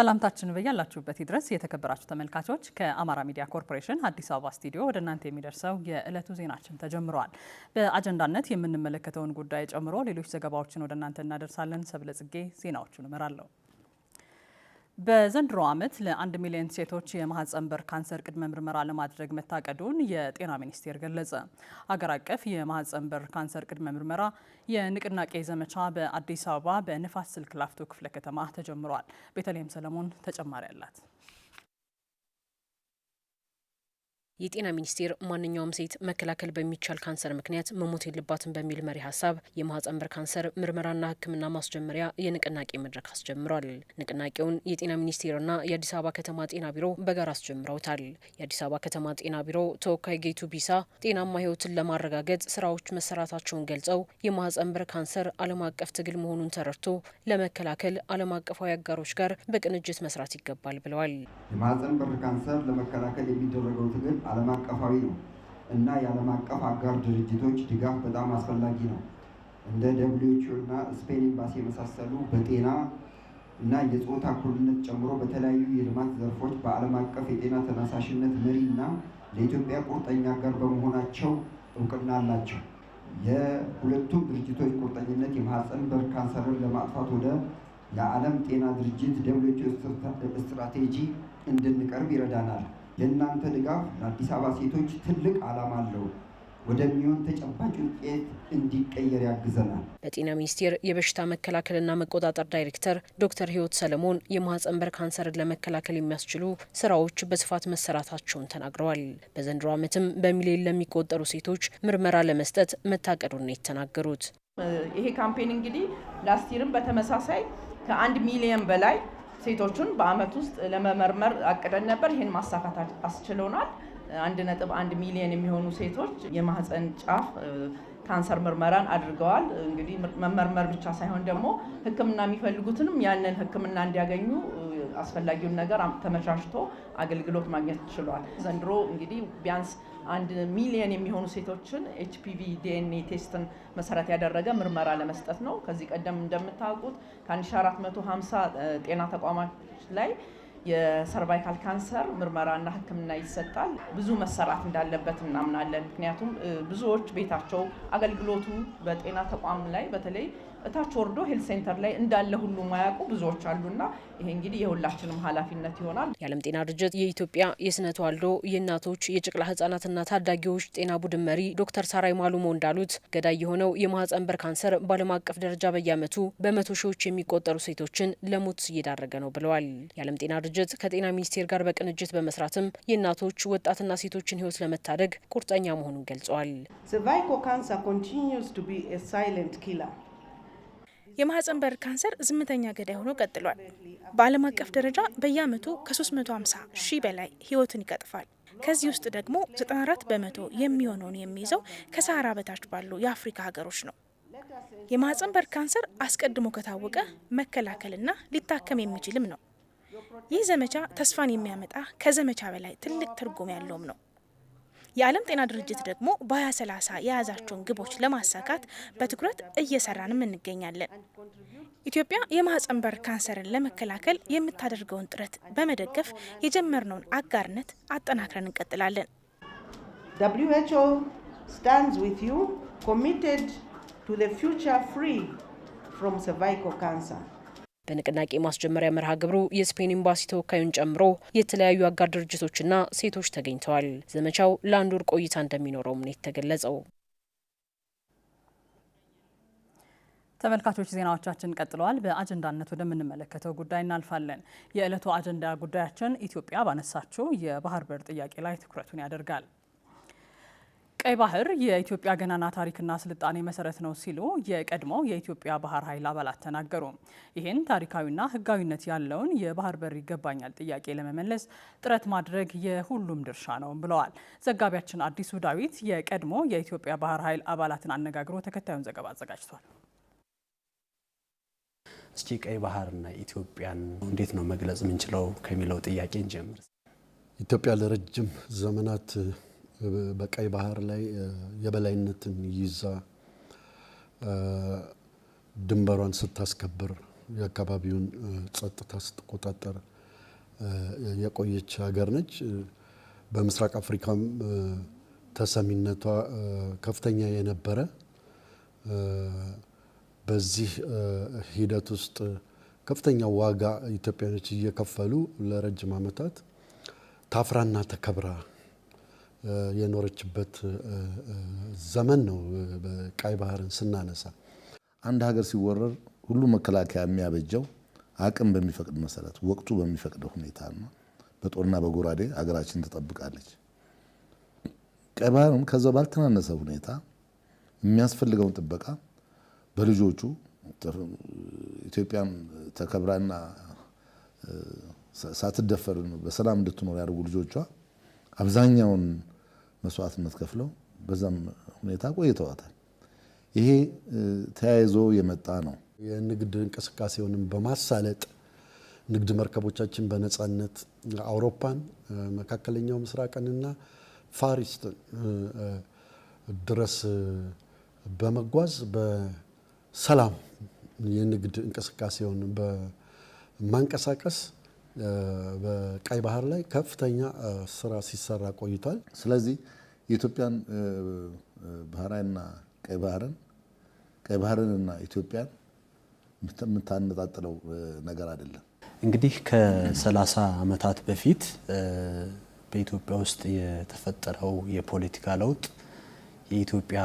ሰላምታችን በያላችሁበት ድረስ የተከበራችሁ ተመልካቾች፣ ከአማራ ሚዲያ ኮርፖሬሽን አዲስ አበባ ስቱዲዮ ወደ እናንተ የሚደርሰው የዕለቱ ዜናችን ተጀምረዋል። በአጀንዳነት የምንመለከተውን ጉዳይ ጨምሮ ሌሎች ዘገባዎችን ወደ እናንተ እናደርሳለን። ሰብለጽጌ ዜናዎቹን እመራለሁ። በዘንድሮ ዓመት ለአንድ ሚሊዮን ሴቶች የማህፀን በር ካንሰር ቅድመ ምርመራ ለማድረግ መታቀዱን የጤና ሚኒስቴር ገለጸ። አገር አቀፍ የማህፀን በር ካንሰር ቅድመ ምርመራ የንቅናቄ ዘመቻ በአዲስ አበባ በንፋስ ስልክ ላፍቶ ክፍለ ከተማ ተጀምሯል። ቤተልሔም ሰለሞን ተጨማሪ አላት። የጤና ሚኒስቴር ማንኛውም ሴት መከላከል በሚቻል ካንሰር ምክንያት መሞት የለባትም በሚል መሪ ሀሳብ የማህጸን በር ካንሰር ምርመራና ሕክምና ማስጀመሪያ የንቅናቄ መድረክ አስጀምሯል። ንቅናቄውን የጤና ሚኒስቴርና የአዲስ አበባ ከተማ ጤና ቢሮ በጋራ አስጀምረውታል። የአዲስ አበባ ከተማ ጤና ቢሮ ተወካይ ጌቱ ቢሳ ጤናማ ሕይወትን ለማረጋገጥ ስራዎች መሰራታቸውን ገልጸው የማህጸን በር ካንሰር ዓለም አቀፍ ትግል መሆኑን ተረድቶ ለመከላከል ዓለም አቀፋዊ አጋሮች ጋር በቅንጅት መስራት ይገባል ብለዋል። የማህጸን በር ካንሰር ለመከላከል የሚደረገው ትግል ዓለም አቀፋዊ ነው እና የዓለም አቀፍ አጋር ድርጅቶች ድጋፍ በጣም አስፈላጊ ነው። እንደ ደብሊውኤችኦ እና ስፔን ኤምባሲ የመሳሰሉ በጤና እና የፆታ እኩልነት ጨምሮ በተለያዩ የልማት ዘርፎች በዓለም አቀፍ የጤና ተነሳሽነት መሪ እና ለኢትዮጵያ ቁርጠኛ አጋር በመሆናቸው እውቅና አላቸው። የሁለቱም ድርጅቶች ቁርጠኝነት የማህፀን በር ካንሰርን ለማጥፋት ወደ የዓለም ጤና ድርጅት ደብሊውኤችኦ ስትራቴጂ እንድንቀርብ ይረዳናል። የእናንተ ድጋፍ ለአዲስ አበባ ሴቶች ትልቅ ዓላማ አለው ወደሚሆን ተጨባጭ ውጤት እንዲቀየር ያግዘናል። በጤና ሚኒስቴር የበሽታ መከላከልና መቆጣጠር ዳይሬክተር ዶክተር ህይወት ሰለሞን የማህፀን በር ካንሰርን ለመከላከል የሚያስችሉ ስራዎች በስፋት መሰራታቸውን ተናግረዋል። በዘንድሮ ዓመትም በሚሊዮን ለሚቆጠሩ ሴቶች ምርመራ ለመስጠት መታቀዱን ነው የተናገሩት። ይሄ ካምፔን እንግዲህ ላስቲርም በተመሳሳይ ከአንድ ሚሊየን በላይ ሴቶቹን በአመት ውስጥ ለመመርመር አቅደን ነበር። ይህን ማሳካት አስችሎናል። አንድ ነጥብ አንድ ሚሊዮን የሚሆኑ ሴቶች የማህፀን ጫፍ ካንሰር ምርመራን አድርገዋል። እንግዲህ መመርመር ብቻ ሳይሆን ደግሞ ሕክምና የሚፈልጉትንም ያንን ሕክምና እንዲያገኙ አስፈላጊውን ነገር ተመቻችቶ አገልግሎት ማግኘት ችሏል። ዘንድሮ እንግዲህ ቢያንስ አንድ ሚሊየን የሚሆኑ ሴቶችን ኤችፒቪ ዲኤንኤ ቴስትን መሰረት ያደረገ ምርመራ ለመስጠት ነው። ከዚህ ቀደም እንደምታውቁት ከ1450 ጤና ተቋማት ላይ የሰርቫይካል ካንሰር ምርመራና ሕክምና ይሰጣል። ብዙ መሰራት እንዳለበት እናምናለን። ምክንያቱም ብዙዎች ቤታቸው አገልግሎቱ በጤና ተቋም ላይ በተለይ እታች ወርዶ ሄልት ሴንተር ላይ እንዳለ ሁሉ ማያውቁ ብዙዎች አሉና ይሄ እንግዲህ የሁላችንም ኃላፊነት ይሆናል። የዓለም ጤና ድርጅት የኢትዮጵያ የስነ ተዋልዶ የእናቶች የጨቅላ ህጻናትና ታዳጊዎች ጤና ቡድን መሪ ዶክተር ሳራይ ማሉሞ እንዳሉት ገዳይ የሆነው የማህፀን በር ካንሰር በዓለም አቀፍ ደረጃ በየዓመቱ በመቶ ሺዎች የሚቆጠሩ ሴቶችን ለሞት እየዳረገ ነው ብለዋል። የዓለም ጤና ድርጅት ከጤና ሚኒስቴር ጋር በቅንጅት በመስራትም የእናቶች ወጣትና ሴቶችን ህይወት ለመታደግ ቁርጠኛ መሆኑን ገልጸዋል። የማህፀን በር ካንሰር ዝምተኛ ገዳይ ሆኖ ቀጥሏል። በዓለም አቀፍ ደረጃ በየአመቱ ከ350 ሺህ በላይ ህይወትን ይቀጥፋል። ከዚህ ውስጥ ደግሞ 94 በመቶ የሚሆነውን የሚይዘው ከሳህራ በታች ባሉ የአፍሪካ ሀገሮች ነው። የማህፀን በር ካንሰር አስቀድሞ ከታወቀ መከላከልና ሊታከም የሚችልም ነው። ይህ ዘመቻ ተስፋን የሚያመጣ ከዘመቻ በላይ ትልቅ ትርጉም ያለውም ነው። የዓለም ጤና ድርጅት ደግሞ በ2030 የያዛቸውን ግቦች ለማሳካት በትኩረት እየሰራንም እንገኛለን። ኢትዮጵያ የማህፀን በር ካንሰርን ለመከላከል የምታደርገውን ጥረት በመደገፍ የጀመርነውን አጋርነት አጠናክረን እንቀጥላለን። WHO stands with you በንቅናቄ ማስጀመሪያ መርሃ ግብሩ የስፔን ኤምባሲ ተወካዩን ጨምሮ የተለያዩ አጋር ድርጅቶችና ሴቶች ተገኝተዋል። ዘመቻው ለአንድ ወር ቆይታ እንደሚኖረውም ነው የተገለጸው። ተመልካቾች ዜናዎቻችን ቀጥለዋል። በአጀንዳነት ወደምንመለከተው ጉዳይ እናልፋለን። የዕለቱ አጀንዳ ጉዳያችን ኢትዮጵያ ባነሳችው የባህር በር ጥያቄ ላይ ትኩረቱን ያደርጋል። ቀይ ባህር የኢትዮጵያ ገናና ታሪክና ስልጣኔ መሰረት ነው ሲሉ የቀድሞው የኢትዮጵያ ባህር ኃይል አባላት ተናገሩ። ይህን ታሪካዊና ሕጋዊነት ያለውን የባህር በር ይገባኛል ጥያቄ ለመመለስ ጥረት ማድረግ የሁሉም ድርሻ ነው ብለዋል። ዘጋቢያችን አዲሱ ዳዊት የቀድሞ የኢትዮጵያ ባህር ኃይል አባላትን አነጋግሮ ተከታዩን ዘገባ አዘጋጅቷል። እስኪ ቀይ ባህርና ኢትዮጵያን እንዴት ነው መግለጽ የምንችለው ከሚለው ጥያቄ እንጀምር። ኢትዮጵያ ለረጅም ዘመናት በቀይ ባህር ላይ የበላይነትን ይዛ ድንበሯን ስታስከብር የአካባቢውን ጸጥታ ስትቆጣጠር የቆየች ሀገር ነች። በምስራቅ አፍሪካም ተሰሚነቷ ከፍተኛ የነበረ በዚህ ሂደት ውስጥ ከፍተኛ ዋጋ ኢትዮጵያኖች እየከፈሉ ለረጅም ዓመታት ታፍራና ተከብራ የኖረችበት ዘመን ነው። ቀይ ባህርን ስናነሳ አንድ ሀገር ሲወረር ሁሉ መከላከያ የሚያበጀው አቅም በሚፈቅድ መሰረት ወቅቱ በሚፈቅደው ሁኔታ ነው። በጦርና በጎራዴ ሀገራችን ትጠብቃለች። ቀይ ባህርም ከዛ ባልተናነሰ ሁኔታ የሚያስፈልገውን ጥበቃ በልጆቹ ኢትዮጵያም ተከብራና ሳትደፈር በሰላም እንድትኖር ያደርጉ ልጆቿ አብዛኛውን መስዋዕትነት ከፍለው በዛም ሁኔታ ቆይተዋታል። ይሄ ተያይዞ የመጣ ነው። የንግድ እንቅስቃሴውንም በማሳለጥ ንግድ መርከቦቻችን በነፃነት አውሮፓን፣ መካከለኛው ምስራቅንና ፋሪስትን ድረስ በመጓዝ በሰላም የንግድ እንቅስቃሴውን በማንቀሳቀስ በቀይ ባህር ላይ ከፍተኛ ስራ ሲሰራ ቆይቷል። ስለዚህ የኢትዮጵያን ባህራይና ቀይ ባህርን ቀይ ባህርንና ኢትዮጵያን የምታነጣጥለው ነገር አይደለም። እንግዲህ ከሰላሳ ዓመታት በፊት በኢትዮጵያ ውስጥ የተፈጠረው የፖለቲካ ለውጥ የኢትዮጵያ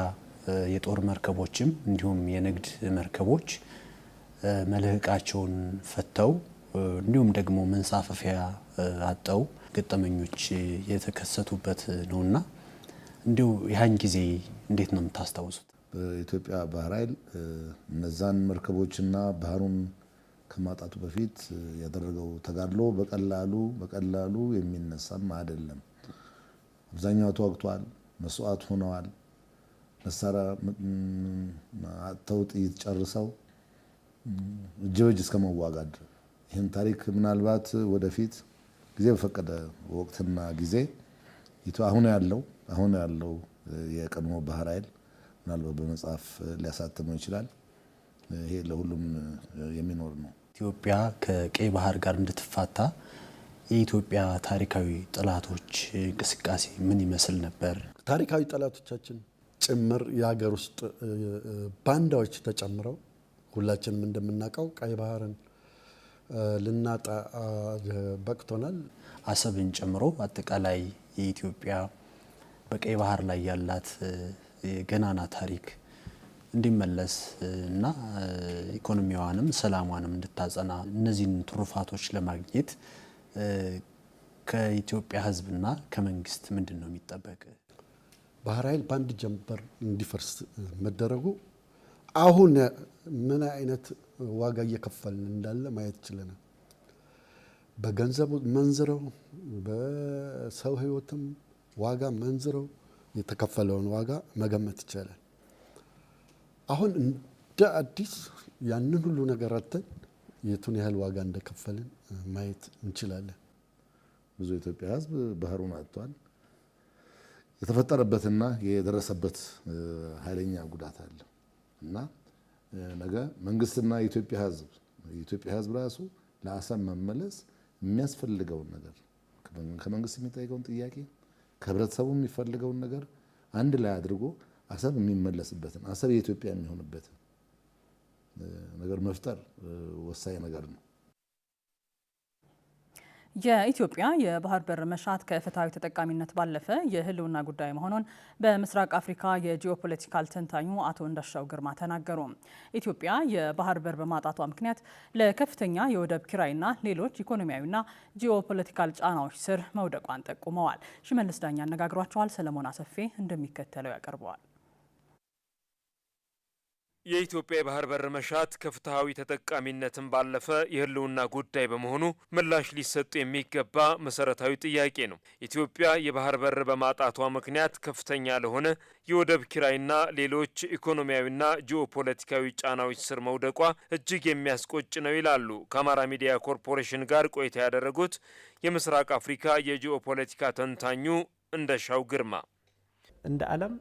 የጦር መርከቦችም እንዲሁም የንግድ መርከቦች መልህቃቸውን ፈተው እንዲሁም ደግሞ መንሳፈፊያ አጠው ገጠመኞች የተከሰቱበት ነውና እንዲሁ ያን ጊዜ እንዴት ነው የምታስታውሱት? በኢትዮጵያ ባህር ኃይል እነዛን መርከቦችና ባህሩን ከማጣቱ በፊት ያደረገው ተጋድሎ በቀላሉ በቀላሉ የሚነሳም አይደለም። አብዛኛው ተዋግቷል፣ መስዋዕት ሆነዋል። መሳሪያ አጥተው ጥይት ጨርሰው እጅ በእጅ እስከ መዋጋት ይህን ታሪክ ምናልባት ወደፊት ጊዜ በፈቀደ ወቅትና ጊዜ አሁን ያለው አሁን ያለው የቀድሞ ባህር ኃይል ምናልባት በመጽሐፍ ሊያሳትመው ይችላል። ይሄ ለሁሉም የሚኖር ነው። ኢትዮጵያ ከቀይ ባህር ጋር እንድትፋታ የኢትዮጵያ ታሪካዊ ጠላቶች እንቅስቃሴ ምን ይመስል ነበር? ታሪካዊ ጠላቶቻችን ጭምር የሀገር ውስጥ ባንዳዎች ተጨምረው ሁላችንም እንደምናውቀው ቀይ ባህርን ልናጣ በቅቶናል። አሰብን ጨምሮ አጠቃላይ የኢትዮጵያ በቀይ ባህር ላይ ያላት ገናና ታሪክ እንዲመለስ እና ኢኮኖሚዋንም ሰላሟንም እንድታጸና እነዚህን ትሩፋቶች ለማግኘት ከኢትዮጵያ ሕዝብና ከመንግስት ምንድን ነው የሚጠበቅ? ባህር ኃይል በአንድ ጀንበር እንዲፈርስ መደረጉ አሁን ምን አይነት ዋጋ እየከፈልን እንዳለ ማየት ችለናል። በገንዘብ መንዝረው በሰው ህይወትም ዋጋ መንዝረው የተከፈለውን ዋጋ መገመት ይቻላል። አሁን እንደ አዲስ ያንን ሁሉ ነገር አተን የቱን ያህል ዋጋ እንደከፈልን ማየት እንችላለን። ብዙ የኢትዮጵያ ህዝብ ባህሩን አጥቷል። የተፈጠረበትና የደረሰበት ኃይለኛ ጉዳት አለ እና ነገ መንግስትና የኢትዮጵያ ህዝብ የኢትዮጵያ ህዝብ ራሱ ለአሰብ መመለስ የሚያስፈልገውን ነገር ከመንግስት የሚጠይቀውን ጥያቄ ከህብረተሰቡ የሚፈልገውን ነገር አንድ ላይ አድርጎ አሰብ የሚመለስበትን አሰብ የኢትዮጵያ የሚሆንበትን ነገር መፍጠር ወሳኝ ነገር ነው። የኢትዮጵያ የባህር በር መሻት ከፍትሐዊ ተጠቃሚነት ባለፈ የህልውና ጉዳይ መሆኑን በምስራቅ አፍሪካ የጂኦፖለቲካል ተንታኙ አቶ እንዳሻው ግርማ ተናገሩ። ኢትዮጵያ የባህር በር በማጣቷ ምክንያት ለከፍተኛ የወደብ ኪራይና ሌሎች ኢኮኖሚያዊና ጂኦፖለቲካል ጫናዎች ስር መውደቋን ጠቁመዋል። ሽመልስ ዳኛ አነጋግሯቸዋል። ሰለሞን አሰፌ እንደሚከተለው ያቀርበዋል። የኢትዮጵያ የባህር በር መሻት ከፍትሐዊ ተጠቃሚነትን ባለፈ የህልውና ጉዳይ በመሆኑ ምላሽ ሊሰጡ የሚገባ መሰረታዊ ጥያቄ ነው። ኢትዮጵያ የባህር በር በማጣቷ ምክንያት ከፍተኛ ለሆነ የወደብ ኪራይና ሌሎች ኢኮኖሚያዊና ጂኦፖለቲካዊ ጫናዎች ስር መውደቋ እጅግ የሚያስቆጭ ነው ይላሉ ከአማራ ሚዲያ ኮርፖሬሽን ጋር ቆይታ ያደረጉት የምስራቅ አፍሪካ የጂኦፖለቲካ ተንታኙ እንደሻው ግርማ እንደ ዓለም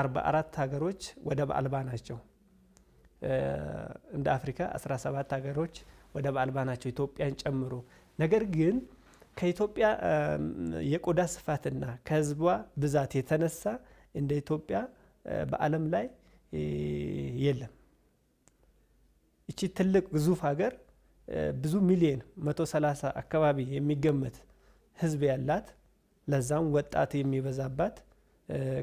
አርባ አራት ሀገሮች ወደብ አልባ ናቸው። እንደ አፍሪካ 17 ሀገሮች ወደብ አልባ ናቸው ኢትዮጵያን ጨምሮ። ነገር ግን ከኢትዮጵያ የቆዳ ስፋትና ከህዝቧ ብዛት የተነሳ እንደ ኢትዮጵያ በዓለም ላይ የለም። እቺ ትልቅ ግዙፍ ሀገር ብዙ ሚሊዮን 130 አካባቢ የሚገመት ህዝብ ያላት ለዛም ወጣት የሚበዛባት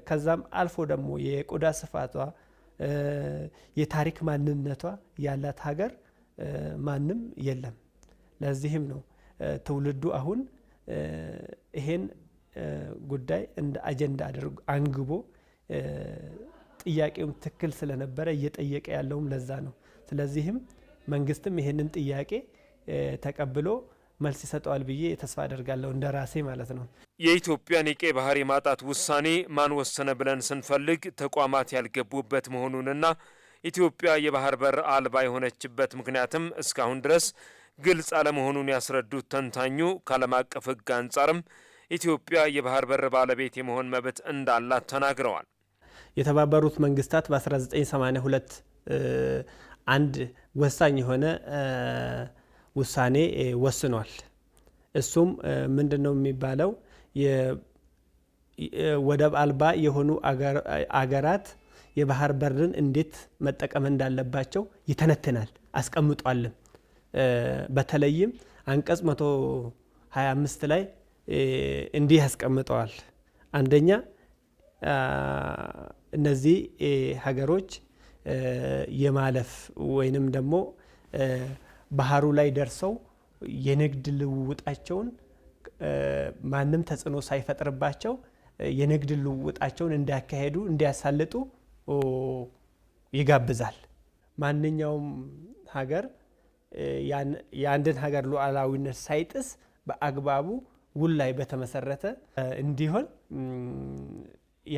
ከዛም አልፎ ደግሞ የቆዳ ስፋቷ የታሪክ ማንነቷ ያላት ሀገር ማንም የለም። ለዚህም ነው ትውልዱ አሁን ይሄን ጉዳይ እንደ አጀንዳ አድርጎ አንግቦ ጥያቄውም ትክክል ስለነበረ እየጠየቀ ያለውም ለዛ ነው። ስለዚህም መንግስትም ይሄንን ጥያቄ ተቀብሎ መልስ ይሰጠዋል ብዬ ተስፋ አደርጋለሁ እንደ ራሴ ማለት ነው። የኢትዮጵያን የቀይ ባህር የማጣት ውሳኔ ማን ወሰነ ብለን ስንፈልግ ተቋማት ያልገቡበት መሆኑንና ኢትዮጵያ የባህር በር አልባ የሆነችበት ምክንያትም እስካሁን ድረስ ግልጽ አለመሆኑን ያስረዱት ተንታኙ ከዓለም አቀፍ ሕግ አንጻርም ኢትዮጵያ የባህር በር ባለቤት የመሆን መብት እንዳላት ተናግረዋል። የተባበሩት መንግስታት በ1982 አንድ ወሳኝ የሆነ ውሳኔ ወስኗል። እሱም ምንድን ነው የሚባለው ወደብ አልባ የሆኑ አገራት የባህር በርን እንዴት መጠቀም እንዳለባቸው ይተነትናል አስቀምጧልም። በተለይም አንቀጽ 125 ላይ እንዲህ ያስቀምጠዋል። አንደኛ እነዚህ ሀገሮች የማለፍ ወይንም ደግሞ ባህሩ ላይ ደርሰው የንግድ ልውውጣቸውን ማንም ተጽዕኖ ሳይፈጥርባቸው የንግድ ልውውጣቸውን እንዲያካሄዱ እንዲያሳልጡ ይጋብዛል። ማንኛውም ሀገር የአንድን ሀገር ሉዓላዊነት ሳይጥስ በአግባቡ ውል ላይ በተመሰረተ እንዲሆን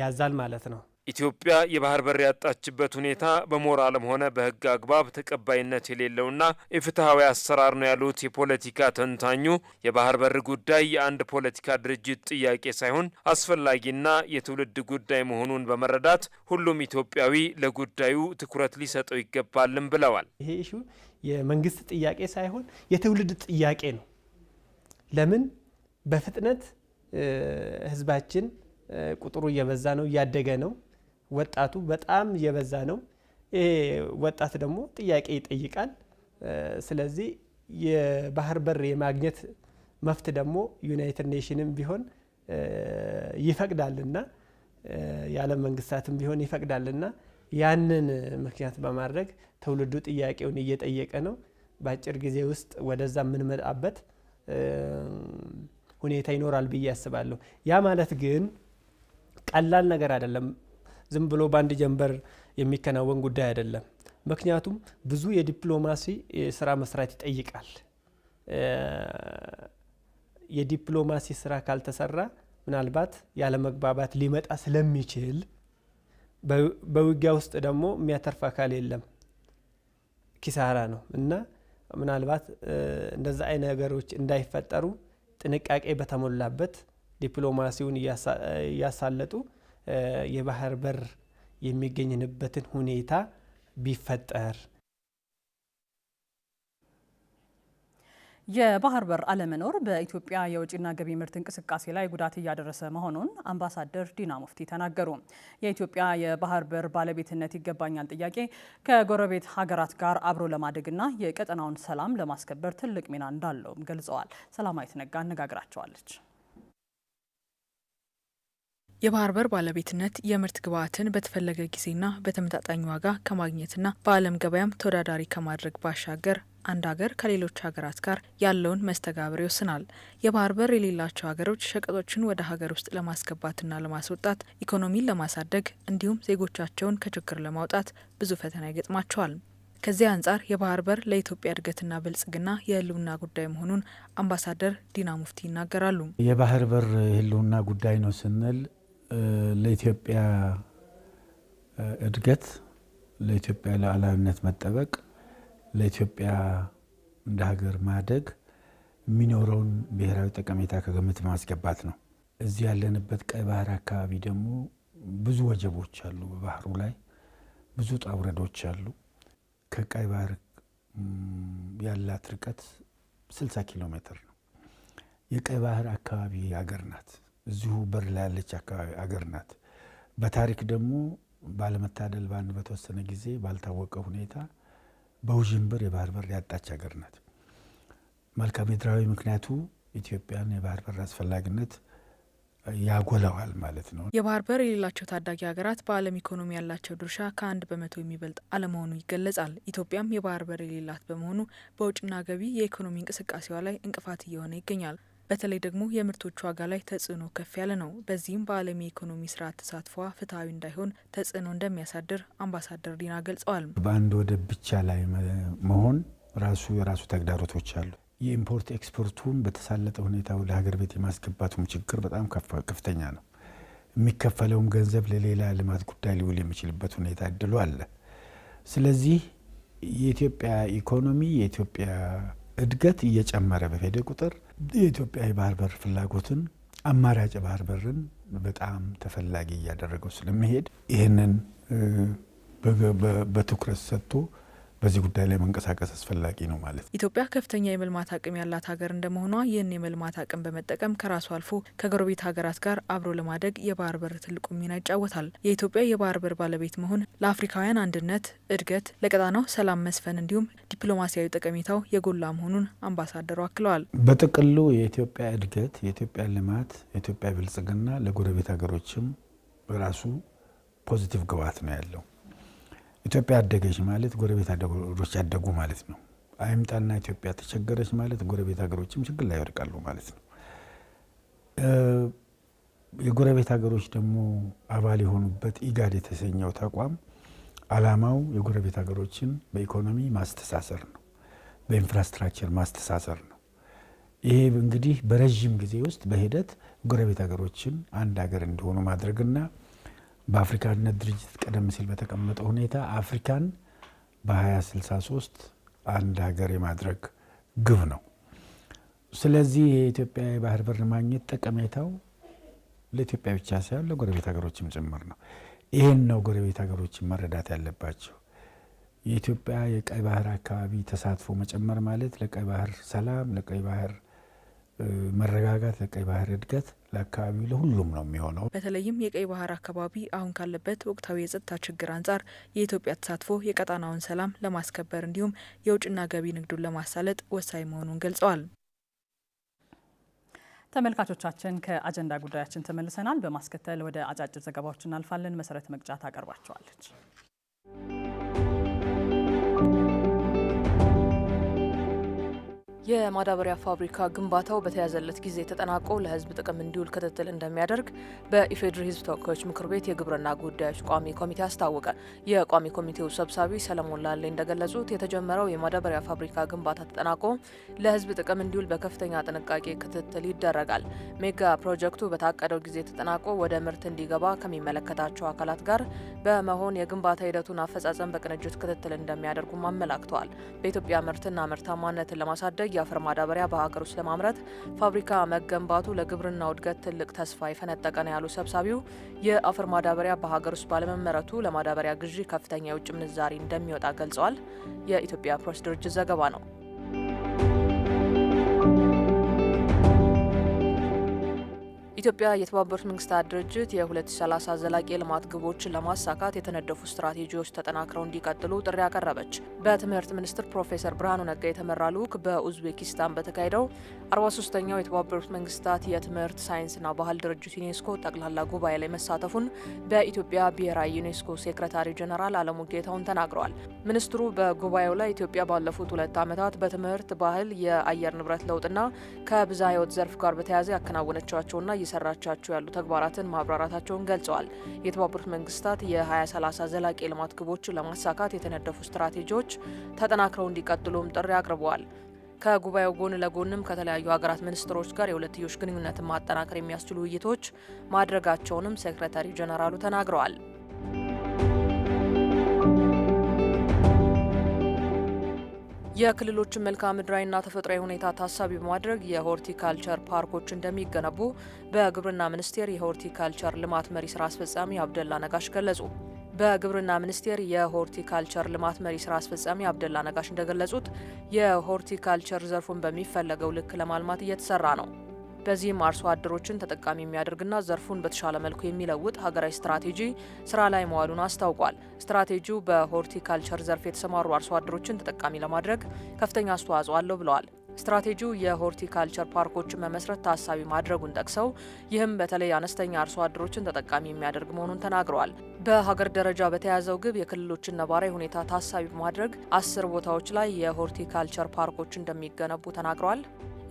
ያዛል ማለት ነው። ኢትዮጵያ የባህር በር ያጣችበት ሁኔታ በሞራልም ሆነ በሕግ አግባብ ተቀባይነት የሌለውና የፍትሐዊ አሰራር ነው ያሉት የፖለቲካ ተንታኙ የባህር በር ጉዳይ የአንድ ፖለቲካ ድርጅት ጥያቄ ሳይሆን አስፈላጊና የትውልድ ጉዳይ መሆኑን በመረዳት ሁሉም ኢትዮጵያዊ ለጉዳዩ ትኩረት ሊሰጠው ይገባልም ብለዋል። ይሄ ኢሹ የመንግስት ጥያቄ ሳይሆን የትውልድ ጥያቄ ነው። ለምን በፍጥነት ህዝባችን ቁጥሩ እየበዛ ነው፣ እያደገ ነው ወጣቱ በጣም የበዛ ነው። ይሄ ወጣት ደግሞ ጥያቄ ይጠይቃል። ስለዚህ የባህር በር የማግኘት መፍት ደግሞ ዩናይትድ ኔሽንም ቢሆን ይፈቅዳልና የዓለም መንግስታትም ቢሆን ይፈቅዳልና ያንን ምክንያት በማድረግ ትውልዱ ጥያቄውን እየጠየቀ ነው። በአጭር ጊዜ ውስጥ ወደዛ የምንመጣበት ሁኔታ ይኖራል ብዬ አስባለሁ። ያ ማለት ግን ቀላል ነገር አይደለም። ዝም ብሎ በአንድ ጀንበር የሚከናወን ጉዳይ አይደለም። ምክንያቱም ብዙ የዲፕሎማሲ ስራ መስራት ይጠይቃል። የዲፕሎማሲ ስራ ካልተሰራ ምናልባት ያለመግባባት ሊመጣ ስለሚችል በውጊያ ውስጥ ደግሞ የሚያተርፍ አካል የለም፣ ኪሳራ ነው እና ምናልባት እንደዛ አይነት ነገሮች እንዳይፈጠሩ ጥንቃቄ በተሞላበት ዲፕሎማሲውን እያሳለጡ የባህር በር የሚገኝንበትን ሁኔታ ቢፈጠር የባህር በር አለመኖር በኢትዮጵያ የውጭና ገቢ ምርት እንቅስቃሴ ላይ ጉዳት እያደረሰ መሆኑን አምባሳደር ዲና ሙፍቲ ተናገሩ። የኢትዮጵያ የባህር በር ባለቤትነት ይገባኛል ጥያቄ ከጎረቤት ሀገራት ጋር አብሮ ለማደግና የቀጠናውን ሰላም ለማስከበር ትልቅ ሚና እንዳለውም ገልጸዋል። ሰላማዊት ነጋ አነጋግራቸዋለች። የባህር በር ባለቤትነት የምርት ግብዓትን በተፈለገ ጊዜና በተመጣጣኝ ዋጋ ከማግኘትና በዓለም ገበያም ተወዳዳሪ ከማድረግ ባሻገር አንድ ሀገር ከሌሎች ሀገራት ጋር ያለውን መስተጋብር ይወስናል። የባህር በር የሌላቸው ሀገሮች ሸቀጦችን ወደ ሀገር ውስጥ ለማስገባትና ለማስወጣት፣ ኢኮኖሚን ለማሳደግ እንዲሁም ዜጎቻቸውን ከችግር ለማውጣት ብዙ ፈተና ይገጥማቸዋል። ከዚህ አንጻር የባህር በር ለኢትዮጵያ እድገትና ብልጽግና የህልውና ጉዳይ መሆኑን አምባሳደር ዲና ሙፍቲ ይናገራሉ። የባህር በር የህልውና ጉዳይ ነው ስንል ለኢትዮጵያ እድገት፣ ለኢትዮጵያ ሉዓላዊነት መጠበቅ፣ ለኢትዮጵያ እንደ ሀገር ማደግ የሚኖረውን ብሔራዊ ጠቀሜታ ከግምት ማስገባት ነው። እዚህ ያለንበት ቀይ ባህር አካባቢ ደግሞ ብዙ ወጀቦች አሉ። በባህሩ ላይ ብዙ ጣውረዶች አሉ። ከቀይ ባህር ያላት ርቀት 60 ኪሎ ሜትር ነው። የቀይ ባህር አካባቢ ሀገር ናት። እዚሁ በር ላይ ያለች አካባቢ አገር ናት። በታሪክ ደግሞ ባለመታደል በአንድ በተወሰነ ጊዜ ባልታወቀ ሁኔታ በውዥንብር የባህር በር ያጣች ሀገር ናት። መልካም ምድራዊ ምክንያቱ ኢትዮጵያን የባህር በር አስፈላጊነት ያጎላዋል ማለት ነው። የባህር በር የሌላቸው ታዳጊ ሀገራት በዓለም ኢኮኖሚ ያላቸው ድርሻ ከአንድ በመቶ የሚበልጥ አለመሆኑ ይገለጻል። ኢትዮጵያም የባህር በር የሌላት በመሆኑ በውጭና ገቢ የኢኮኖሚ እንቅስቃሴዋ ላይ እንቅፋት እየሆነ ይገኛል። በተለይ ደግሞ የምርቶች ዋጋ ላይ ተጽዕኖ ከፍ ያለ ነው። በዚህም በዓለም የኢኮኖሚ ስርዓት ተሳትፏ ፍትሐዊ እንዳይሆን ተጽዕኖ እንደሚያሳድር አምባሳደር ዲና ገልጸዋል። በአንድ ወደብ ብቻ ላይ መሆን ራሱ የራሱ ተግዳሮቶች አሉ። የኢምፖርት ኤክስፖርቱን በተሳለጠ ሁኔታ ወደ ሀገር ቤት የማስገባቱም ችግር በጣም ከፍተኛ ነው። የሚከፈለውም ገንዘብ ለሌላ ልማት ጉዳይ ሊውል የሚችልበት ሁኔታ እድሉ አለ። ስለዚህ የኢትዮጵያ ኢኮኖሚ የኢትዮጵያ እድገት እየጨመረ በሄደ ቁጥር የኢትዮጵያ የባህር በር ፍላጎትን አማራጭ ባህር በርን በጣም ተፈላጊ እያደረገው ስለመሄድ ይህንን በትኩረት ሰጥቶ በዚህ ጉዳይ ላይ መንቀሳቀስ አስፈላጊ ነው ማለት ነው። ኢትዮጵያ ከፍተኛ የመልማት አቅም ያላት ሀገር እንደመሆኗ ይህን የመልማት አቅም በመጠቀም ከራሱ አልፎ ከጎረቤት ሀገራት ጋር አብሮ ለማደግ የባህር በር ትልቁ ሚና ይጫወታል። የኢትዮጵያ የባህር በር ባለቤት መሆን ለአፍሪካውያን አንድነት፣ እድገት፣ ለቀጣናው ሰላም መስፈን እንዲሁም ዲፕሎማሲያዊ ጠቀሜታው የጎላ መሆኑን አምባሳደሩ አክለዋል። በጥቅሉ የኢትዮጵያ እድገት፣ የኢትዮጵያ ልማት፣ የኢትዮጵያ ብልጽግና ለጎረቤት ሀገሮችም በራሱ ፖዚቲቭ ግብዓት ነው ያለው። ኢትዮጵያ አደገች ማለት ጎረቤት ሀገሮች ያደጉ ማለት ነው። አይምጣና ኢትዮጵያ ተቸገረች ማለት ጎረቤት ሀገሮችም ችግር ላይ ይወድቃሉ ማለት ነው። የጎረቤት ሀገሮች ደግሞ አባል የሆኑበት ኢጋድ የተሰኘው ተቋም አላማው የጎረቤት ሀገሮችን በኢኮኖሚ ማስተሳሰር ነው፣ በኢንፍራስትራክቸር ማስተሳሰር ነው። ይሄ እንግዲህ በረዥም ጊዜ ውስጥ በሂደት ጎረቤት ሀገሮችን አንድ ሀገር እንዲሆኑ ማድረግና በአፍሪካ አንድነት ድርጅት ቀደም ሲል በተቀመጠው ሁኔታ አፍሪካን በ2063 አንድ ሀገር የማድረግ ግብ ነው። ስለዚህ የኢትዮጵያ የባህር በር ማግኘት ጠቀሜታው ለኢትዮጵያ ብቻ ሳይሆን ለጎረቤት ሀገሮችም ጭምር ነው። ይህን ነው ጎረቤት ሀገሮችን መረዳት ያለባቸው። የኢትዮጵያ የቀይ ባህር አካባቢ ተሳትፎ መጨመር ማለት ለቀይ ባህር ሰላም፣ ለቀይ ባህር መረጋጋት፣ ለቀይ ባህር እድገት ለአካባቢው ለሁሉም ነው የሚሆነው። በተለይም የቀይ ባህር አካባቢ አሁን ካለበት ወቅታዊ የጸጥታ ችግር አንጻር የኢትዮጵያ ተሳትፎ የቀጣናውን ሰላም ለማስከበር እንዲሁም የውጭና ገቢ ንግዱን ለማሳለጥ ወሳኝ መሆኑን ገልጸዋል። ተመልካቾቻችን ከአጀንዳ ጉዳያችን ተመልሰናል። በማስከተል ወደ አጫጭር ዘገባዎች እናልፋለን። መሰረት መቅጫት ታቀርባቸዋለች። የማዳበሪያ ፋብሪካ ግንባታው በተያዘለት ጊዜ ተጠናቆ ለሕዝብ ጥቅም እንዲውል ክትትል እንደሚያደርግ በኢፌዴሪ ሕዝብ ተወካዮች ምክር ቤት የግብርና ጉዳዮች ቋሚ ኮሚቴ አስታወቀ። የቋሚ ኮሚቴው ሰብሳቢ ሰለሞን ላሌ እንደገለጹት የተጀመረው የማዳበሪያ ፋብሪካ ግንባታ ተጠናቆ ለሕዝብ ጥቅም እንዲውል በከፍተኛ ጥንቃቄ ክትትል ይደረጋል። ሜጋ ፕሮጀክቱ በታቀደው ጊዜ ተጠናቆ ወደ ምርት እንዲገባ ከሚመለከታቸው አካላት ጋር በመሆን የግንባታ ሂደቱን አፈጻጸም በቅንጅት ክትትል እንደሚያደርጉም አመላክተዋል። በኢትዮጵያ ምርትና ምርታማነትን ለማሳደግ የአፈር ማዳበሪያ በሀገር ውስጥ ለማምረት ፋብሪካ መገንባቱ ለግብርናው እድገት ትልቅ ተስፋ የፈነጠቀ ነው ያሉ ሰብሳቢው የአፈር ማዳበሪያ በሀገር ውስጥ ባለመመረቱ ለማዳበሪያ ግዢ ከፍተኛ የውጭ ምንዛሪ እንደሚወጣ ገልጸዋል። የኢትዮጵያ ፕሬስ ድርጅት ዘገባ ነው። ኢትዮጵያ የተባበሩት መንግስታት ድርጅት የ2030 ዘላቂ የልማት ግቦችን ለማሳካት የተነደፉ ስትራቴጂዎች ተጠናክረው እንዲቀጥሉ ጥሪ አቀረበች። በትምህርት ሚኒስትር ፕሮፌሰር ብርሃኑ ነጋ የተመራ ልዑክ በኡዝቤኪስታን በተካሄደው 43ኛው የተባበሩት መንግስታት የትምህርት ሳይንስና ባህል ድርጅት ዩኔስኮ ጠቅላላ ጉባኤ ላይ መሳተፉን በኢትዮጵያ ብሔራዊ ዩኔስኮ ሴክረታሪ ጀኔራል አለሙ ጌታውን ተናግረዋል። ሚኒስትሩ በጉባኤው ላይ ኢትዮጵያ ባለፉት ሁለት ዓመታት በትምህርት ባህል፣ የአየር ንብረት ለውጥና ከብዝሃ ህይወት ዘርፍ ጋር በተያያዘ ያከናወነቻቸውና እየሰራቻቸው ያሉ ተግባራትን ማብራራታቸውን ገልጸዋል። የተባበሩት መንግስታት የ2030 ዘላቂ የልማት ግቦችን ለማሳካት የተነደፉ ስትራቴጂዎች ተጠናክረው እንዲቀጥሉም ጥሪ አቅርበዋል። ከጉባኤው ጎን ለጎንም ከተለያዩ ሀገራት ሚኒስትሮች ጋር የሁለትዮሽ ግንኙነትን ማጠናከር የሚያስችሉ ውይይቶች ማድረጋቸውንም ሴክሬታሪ ጀነራሉ ተናግረዋል። የክልሎችን መልክዓ ምድራዊና ተፈጥሯዊ ሁኔታ ታሳቢ በማድረግ የሆርቲካልቸር ፓርኮች እንደሚገነቡ በግብርና ሚኒስቴር የሆርቲካልቸር ልማት መሪ ስራ አስፈጻሚ አብደላ ነጋሽ ገለጹ። በግብርና ሚኒስቴር የሆርቲካልቸር ልማት መሪ ስራ አስፈጻሚ አብደላ ነጋሽ እንደገለጹት የሆርቲካልቸር ዘርፉን በሚፈለገው ልክ ለማልማት እየተሰራ ነው። በዚህም አርሶ አደሮችን ተጠቃሚ የሚያደርግና ዘርፉን በተሻለ መልኩ የሚለውጥ ሀገራዊ ስትራቴጂ ስራ ላይ መዋሉን አስታውቋል። ስትራቴጂው በሆርቲካልቸር ዘርፍ የተሰማሩ አርሶ አደሮችን ተጠቃሚ ለማድረግ ከፍተኛ አስተዋጽኦ አለው ብለዋል። ስትራቴጂው የሆርቲካልቸር ፓርኮችን መመስረት ታሳቢ ማድረጉን ጠቅሰው ይህም በተለይ አነስተኛ አርሶ አደሮችን ተጠቃሚ የሚያደርግ መሆኑን ተናግረዋል። በሀገር ደረጃ በተያዘው ግብ የክልሎችን ነባራዊ ሁኔታ ታሳቢ በማድረግ አስር ቦታዎች ላይ የሆርቲካልቸር ፓርኮች እንደሚገነቡ ተናግረዋል።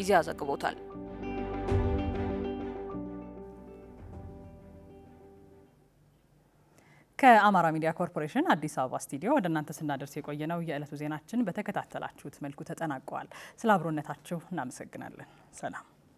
ይዚያ ዘግቦታል። ከአማራ ሚዲያ ኮርፖሬሽን አዲስ አበባ ስቱዲዮ ወደ እናንተ ስናደርስ የቆየ ነው የዕለቱ ዜናችን በተከታተላችሁት መልኩ ተጠናቀዋል። ስለ አብሮነታችሁ እናመሰግናለን። ሰላም